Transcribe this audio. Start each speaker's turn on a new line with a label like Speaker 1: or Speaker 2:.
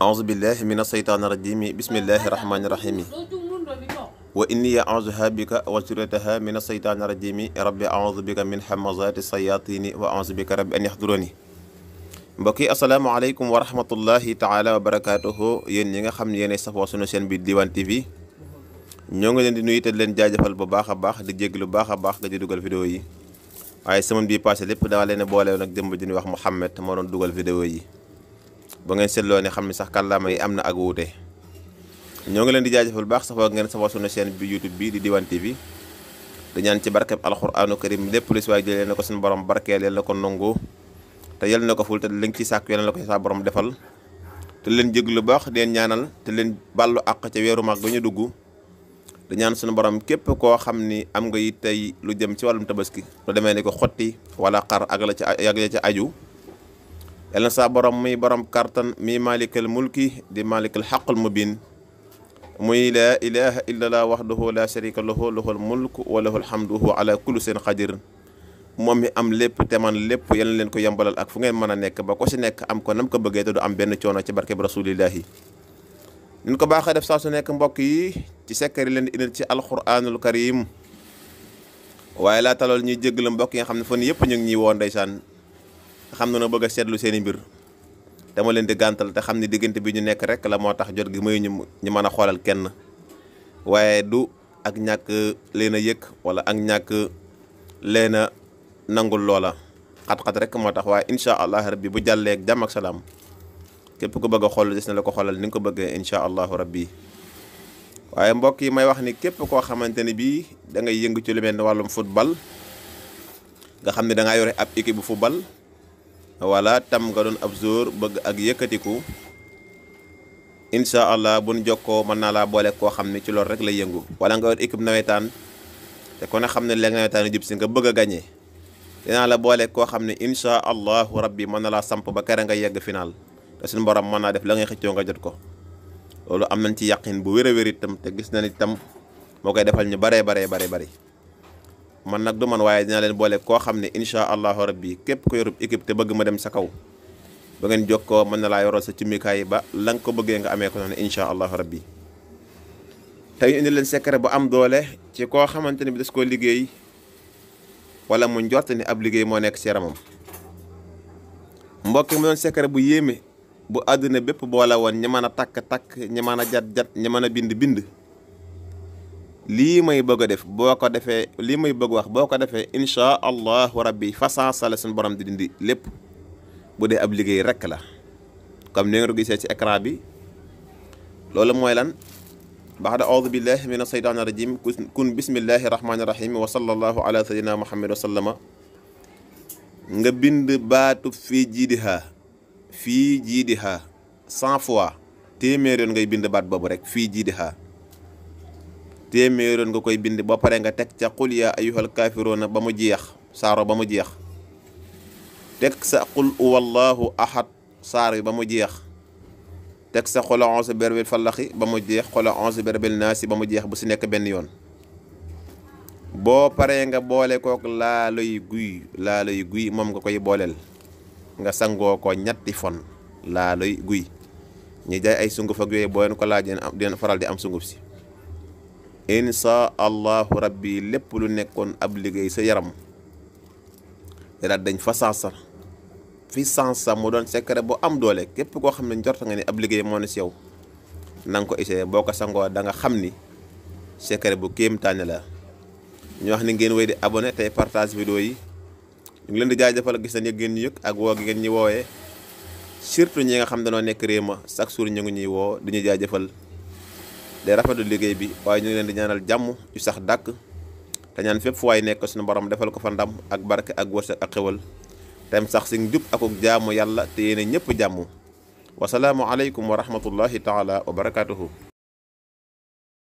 Speaker 1: aousubillahi min asheytaani rajimi bismillahi rahmaani rahimi wa inni aousuha bika wa zurriyataha min asheytaani rajimi rabbi aousu bika min hamazati sayatini wa aousu bika rabbi an yahduruni mbokk yi asalaamaaleykum wa rahmatullahi taala wa barakaatuhu yéen ñi nga xam ne yéenay safoo sunu seen bi Diwane TV ñoo ngi leen di nuyu te leen jaajëfal bu baax baax di jégg lu baax a baax nga di dugal vidéo yi waaye semaine bii passé lépp dama leen boole woon ak démb di wax Mouhamed moo doon dugal vidéo yi ba ngeen seetloo ne xam ni sax kàllaama yi am na ak wuute ñoo ngi leen di jaajëfal bu baax safoo ngeen safoo sunu seen bi YouTube bi di Diwane TV da ñaan ci barkeb alxuraanu karim lépp lu si waay jëlee na ko suñu borom barkeel yal na ko nangu te yal na ko ful te li nga ci sàkk yal na ko saa borom defal te leen jégg lu baax di ñaanal te leen bàllu àq ca weeru mag ñu dugg di suñu borom képp koo xam ni am nga it tey lu jëm ci wàllum tabaski lu demee ni ko xotti wala xar ak la ci ak la ci aju yal saa borom muy borom kartan mi malikal mulki di malikal xaqul mubin muy la ilaha illa wax waxdahu la sharika lahu lahul mulk wa lahul hamdu huwa ala kulli seen xadir moom i am lépp te man lépp yal leen ko yembalal ak fu ngeen mën a nekk ba ko si nekk am ko nam ko bëggee te du am benn coono ci barkeb rasulillahi ñu ko baaxee def saa su nekk mbokk yi ci sekkari leen di indil ci alquranul karim waaye laa talool ñuy jéggalu mbokk yi xam ne fan yëpp ñu ngi ñuy woon ndeysaan xam na na bëgg a seetlu seen i mbir dama leen di gàntal te xam ne diggante bi ñu nekk rek la moo tax jot gi may ñu ñu mën a xoolal kenn waaye du ak ñàkk leen yëg wala ak ñàkk leen a nangul loola xat-xat rek moo tax waaye incha allah rabbi bu jàlleek ak jàmm ak salaam képp ku bëgg a xool des na la ko xoolal ni nga ko bëggee incha allahu rabbi waaye mbokk yi may wax ni képp koo xamante ni bii da ngay yëngu ci lu mel wàllum football nga xam ne da yore ab équipe bu wala tam nga doon ab jour bëgg ak yëkkatiku incha allah buñ jokkoo mën naa laa boole koo xam ne ci loolu rek lay yëngu wala nga yor équipe nawetaan te kon a xam ne léegi nawetaan jub si nga bëgg a gañee dinaa la boole koo xam ne incha allahu rabbi mën na laa samp ba kere nga yegg final te suñu borom mën naa def la ngay xëccoo nga jot ko loolu am nañ ci yàqin bu wér a wér itam te gis na ni tam moo koy defal ñu baree baree baree bari man nag du man waaye dina leen boole koo xam ne incha allahu rabbi képp ko yorub équipe te bëgg ma dem sa kaw ba ngeen jokkoo mën na laa yoroo sa cimmikaay yi ba la ko bëggee nga amee ko noonu incha allahu rabbi tey indi leen secret bu am doole ci koo xamante ne bi das koo liggéey wala mu njort ni ab liggéey moo nekk ci yaramam mbokk mu doon secret bu yéeme bu àddina bépp boole woon ñi mën a takk takk ñi mën a jat jat ñi mën a bind bind lii may bëgg def boo ko defee lii may bëgg wax boo ko defee incha allahu rabbi fasansa la suñu borom di dindi lépp bu dee ab liggéey rekk la comme ni nga ko gisee ci écran bi loolu mooy lan baxda audu billahi min asheytaani rajim kun bismillahi rahmaani rahim wa sallallahu ala sayidina muhammad wa sallama nga bind baatu fii jiidihaa fii jiidihaa cent fois téeméer yoon ngay bind baat boobu rek fii jiidihaa téeméer nga koy bind ba pare nga teg ca qul yaa ayyuhal kaafiruuna ba mu jeex saaro ba mu jeex teg sa qul huwallaahu ahad saar yi ba mu jeex teg sa xola onze berbil fallaxi ba mu jeex xola onze berbil naasi ba mu jeex bu si nekk benn yoon boo paree nga boole kook laaloy guy yi guy moom nga koy booleel nga sangoo ko ñetti fon laaloy guy ñi jaay ay sunguf ak yooyu boo leen ko laaj deen faral di am sunguf si insha allahu rabbi lépp lu nekkoon ab liggéey sa yaram daal dañ fa sansa fi sansa mu doon secret bu am doole képp koo xam ne njort nga ni ab liggéey moo ne si yow na ko essayé boo ko sangoo da nga xam ni secret bu kéemtaane la ñoo wax ni ngeen wéy di abonné tey partage vidéo yi ñu ngi leen di jaajëfal gis nañ yëg ngeen ñu ak woo ngeen ñi woowee surtout ñi nga xam danoo nekk réew ma jour ñu ngi ñuy woo di ñu jaajëfal day rafetu liggéey bi waaye ñu ngi leen di ñaanal jàmm yu sax dàkk te ñaan fépp fu waay nekk suñu borom defal ko fa ndam ak barke ak wërsëg ak xewal tem sax si jub ak jaamu yàlla te yéene ñëpp jàmm wasalaamu aleykum wa rahmatullahi taala wa barakatuhu